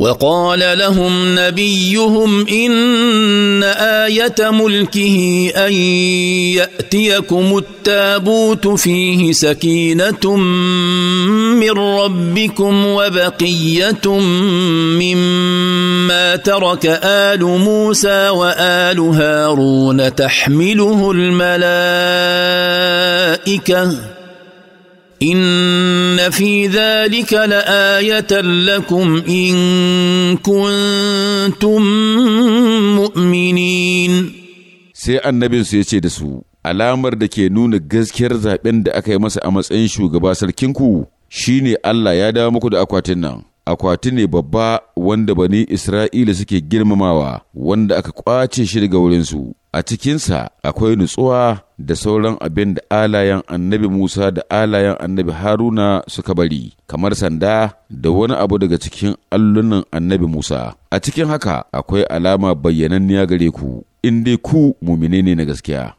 وقال لهم نبيهم ان ايه ملكه ان ياتيكم التابوت فيه سكينه من ربكم وبقيه مما ترك ال موسى وال هارون تحمله الملائكه ان في ذلك لايه لكم ان كنتم مؤمنين sai annabinsu ya ce da su alamar da ke nuna gaskiyar zaben da aka yi masa a matsayin shugaba sarkinku shine Allah ya dawo muku da akwatin nan akwati ne babba wanda bani Isra'ila suke girmamawa wanda aka ƙwace shi daga wurinsu a cikinsa akwai nutsuwa da sauran abin da alayen annabi Musa da alayen annabi Haruna suka bari, kamar sanda da wani abu daga cikin allunan annabi Musa. A cikin haka akwai alama bayyananniya gare ku, in dai ku mumine ne na gaskiya.